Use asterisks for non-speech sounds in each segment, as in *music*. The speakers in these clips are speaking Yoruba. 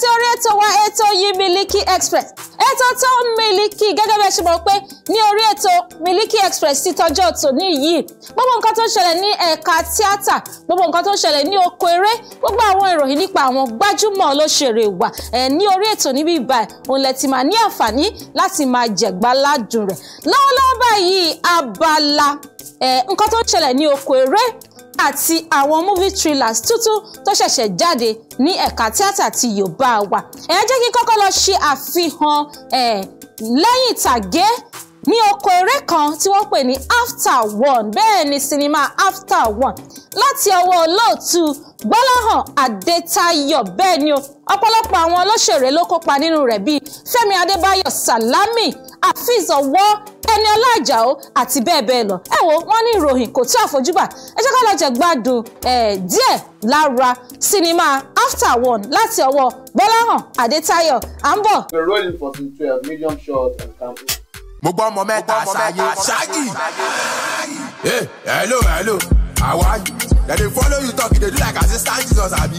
sí orí ètò wa ètò yìí Miliki Express ètò tó ń miliki gẹ́gẹ́ bẹ́ẹ̀ ṣe mọ̀ pé ní orí ètò Miliki Express ti tọjọ́ tòní yìí gbogbo nǹkan tó ń ṣẹlẹ̀ ní ẹ̀ka tíátà gbogbo nǹkan tó ń ṣẹlẹ̀ ní oko eré gbogbo àwọn ìròyìn nípa àwọn gbajúmọ̀ olóṣèré wa ẹ̀ ní orí ètò níbí báyìí òun lẹ ti máa ní àǹfààní láti máa jẹ̀gbáládùn rẹ̀ lọ́wọ́lọ́wọ́ báyìí abala nǹkan tó ń ṣẹlẹ̀ ní oko eré àti àwọn movie thrillers tuntun tó ṣẹ̀ṣẹ̀ jáde ní ẹ̀ka tíátà ti Yorùbá wa ẹ jẹ́ kí kọ́kọ́ lọ ṣe àfihàn lẹ́yìn ìtàgé ní oko eré kan tí wọ́n pè ní after one bẹ́ẹ̀ ni sinimá after one láti ọwọ́ olóòtú gbọ́láhàn adétayọ̀ bẹ́ẹ̀ ni o ọ̀pọ̀lọpọ̀ àwọn olóṣèré ló kópa nínú rẹ̀ bíi fẹ́mi adébáyọ̀ sàlámì àfíìs ọwọ́ ẹni ọlájàó àti bẹ́ẹ̀ bẹ́ẹ̀ lọ ẹ wo wọ́n ní ìròyìn kò tó àfojúbà ẹ jẹ́ ká lọ jẹ gbádùn díẹ̀ lára sinimá after one láti ọwọ́ gbọ́láhàn adétayọ̀ à ń bọ̀. we are rolling for some twelve million short and camping. mo gbọ́ ọmọ mẹ́ta ṣáyé ṣáàgì. ẹ hello hello how are you? dem dey follow you talk you dey do like as if stand jesus abi.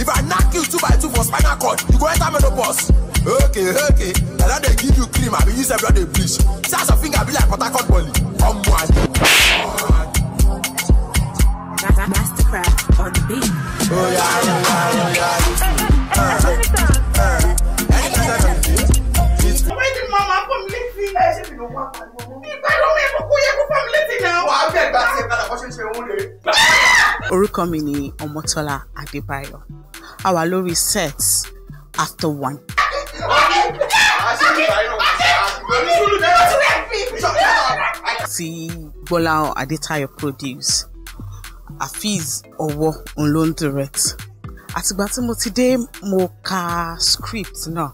if i knack you two by two for spinal cord you go enter menopause. okay okay na don dey give you cream I you use every day, dey bleach. see as your finger be like port harcourt volley. ọmọ àjẹ. mastercraft on the beat. oh, yeah. mọ́ àpàlẹ́ mọ́. ìgbàdùn mi orúkọ mi ni Ọmọ́tọ́lá Adébáyọ̀ a wà lórí set after one. ti Gbọ́lá Adétayọ̀ produce Afeez Ọwọ́ òun ló ń direct àtìgbà tí mo ti dé mo ka script náà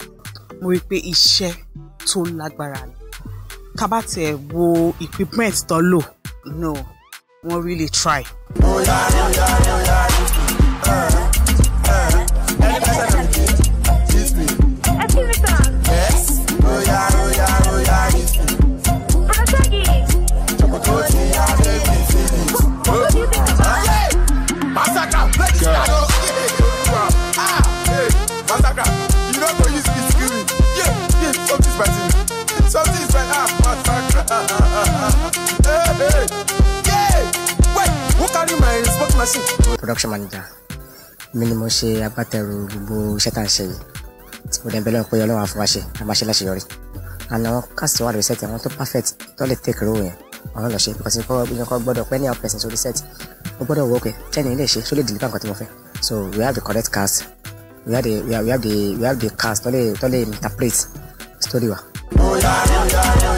mo rí i pé iṣẹ́ tó lágbára ni kábàtì ẹ̀ wo equipment tán lò no wọ́n really try. Oh, yeah, yeah, yeah, yeah, yeah. Uh. production manager mi ni mo ṣe agbátẹrù gbogbo iṣẹ́ tá à ń ṣe yìí tí mo dẹ̀ ń bẹ lọ́rùn pé ọlọ́run á a máa ṣe láṣeyọrí àná àwọn cast wà lórí set àwọn tó perfect tó lè take role yẹn àwọn lọ ṣe because kọ́ ìyẹn kọ́ gbọ́dọ̀ pẹ́ ní àwọn person sórí set ó gbọ́dọ̀ wọ́ọ̀kẹ́ tẹ́ni ilé ṣe tó lè deliver nǹkan tí mo fẹ́ so we have the correct cast we have the we have the we have the cast tó lè tó lè interpret story wa. Oh, yeah, oh, yeah, yeah.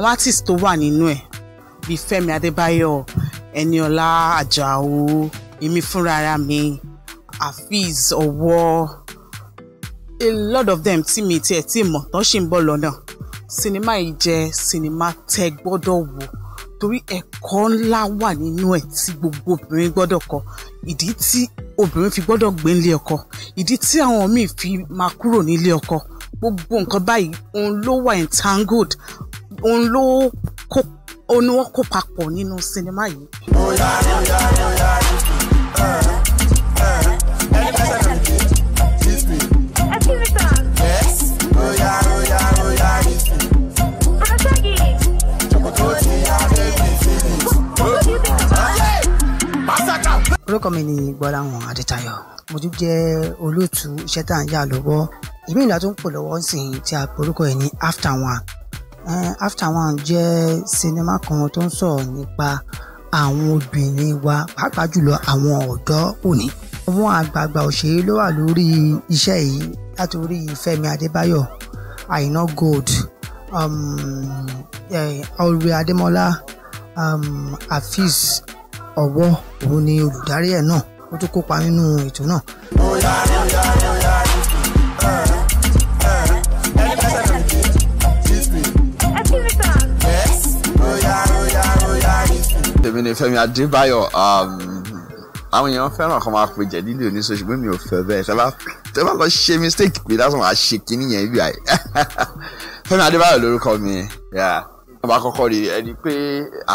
àwọn artist tó wà nínú ẹ̀ bíi Fẹ́mi Adébáyọ̀ Ẹniọlá Àjàó èmi fúnra ara mi Afeez Ọwọ́ a lot of them tí mi tiẹ̀ tí mọ̀ tán ṣì ń bọ̀ lọ́nà sinimá yìí jẹ́ sinimá tẹ́ gbọ́dọ̀ wò torí ẹ̀kọ́ ńlá wà nínú ẹ̀ tí gbogbo obìnrin gbọ́dọ̀ kọ́ ìdí tí obìnrin fi gbọ́dọ̀ gbé nílé ọkọ ìdí tí àwọn míì fi máa kúrò nílé ọkọ gbogbo nǹkan báyìí òun ló wà entangled òun ló kó òun ni wọ́n kó papọ̀ nínú sinimá yìí. orúkọ mi ni Gbọ́láhàn Adétayọ̀ mo tún jẹ́ olóòtú iṣẹ́ tá à ń yà lọ́wọ́ ìmí ìlà tó ń pò lọ́wọ́ ń sìn tí a porúkọ ẹ̀ ní after one Eh, after One jẹ́ sinimá kan tó ń sọ̀rọ̀ nípa àwọn obìnrin wa pàápàá jùlọ àwọn ọ̀dọ́ òní. Àwọn àgbààgbà òṣèré ló wà lórí iṣẹ́ yìí láti orí Fẹ́mi Adébáyọ̀, Àìná Gold, um, Ọ̀rẹ́ eh, Adémọ́lá, um, Afeez Ọwọ́ òun ni olùdarí ẹ̀ náà ó tún kópa nínú ètò náà. èmi ni Fẹ́mi Adébáyọ̀ um, àwọn èèyàn fẹ́ràn kan máa pe jẹ̀dílì oníṣòwò ṣùgbọ́n mi ò fẹ́ bẹ́ẹ̀ tẹ́ bá lọ ṣe mistake pé lásán máa ṣe kínní yẹn bí i *laughs* Fẹ́mi Adébáyọ̀ lórúkọ mi ọba kọ́kọ́ rí ẹni pé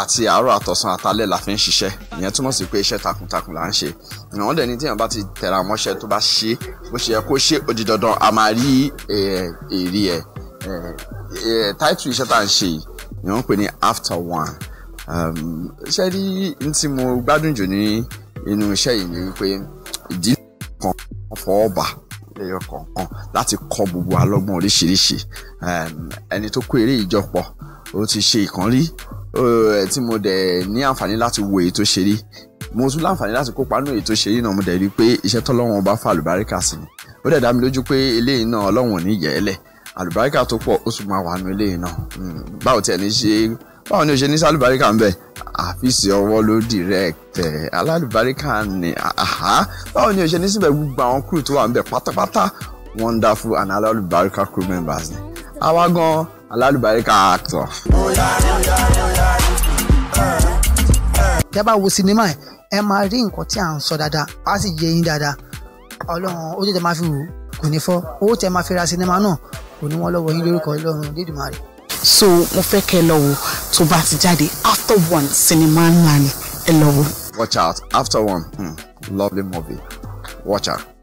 àti àárọ̀ àtọ̀sán àtalẹ́ la fi ń ṣiṣẹ́ ìyẹn túmọ̀ sí pé iṣẹ́ takuntakun là ń ṣe ìwọ̀n dẹ̀ ní tíyẹn bá ti tẹ̀ra mọ́ṣẹ́ tó bá ṣe bó ṣe yẹ kó ṣe ó di dandan a máa rí èrè ẹ̀ táìtù iṣẹ́ tá à ń ṣe yìí ìwọ̀n ń pè ní after one Um, ṣe rí n tí mo gbádùn jù ní inú iṣẹ́ yìí ni wípé ìdí kan fọwọ́ bà lẹ́yọ kọ̀ọ̀kan láti kọ́ gbogbo alọ́gbọ́n oríṣiríṣi um, ẹni tó kó eré ìjọpọ̀ ó ti ṣe ìkan rí tí mo dẹ̀ ní àǹfààní láti wo èyí tó ṣe rí mo tún láǹfààní láti kópa nínú èyí tó ṣe rí náà mo dẹ̀ rí i pé iṣẹ́ tọ́lọ́wọ́n bá fa àlùbáríkà sí ni ó dẹ̀ dá mi lójú pé eléyìí náà ọlọ́run ò ní yẹ̀ ẹ́ lẹ̀ àlùbáríkà tó pọ̀ ó sì máa wà nínú eléyìí náà hmm, báwo tiẹ̀ ní ṣe báwo ni o ṣe ní sálùbáríkà ń bẹ àfíìsì ọwọ́ ló direct alálùbáríkà ni àhá báwo ni o ṣe ní síbẹ̀ gbogbo àwọn crew tó wà ń bẹ pátápátá wonderful and alálùbáríkà crew members ni àwa gan alálùbáríkà actor. tẹ́ bá wo sinimá ẹ̀ ẹ máa rí nǹkan tí à ń sọ dáadáa á sì yé yín dáadáa ọlọ́run ó tètè máa fi wò kò ní fọ́ owó tẹ́ máa fi ra sinimá náà kò ní wọ́n lọ́wọ́ yín lórúkọ ọlọ́run dídùmarè so mo fẹ́ kẹ́ ẹ lọ wo tó bá ti jáde after one sinimá ńlá ni ẹ lọ wo. watch out after one mm, lovely movie watch out.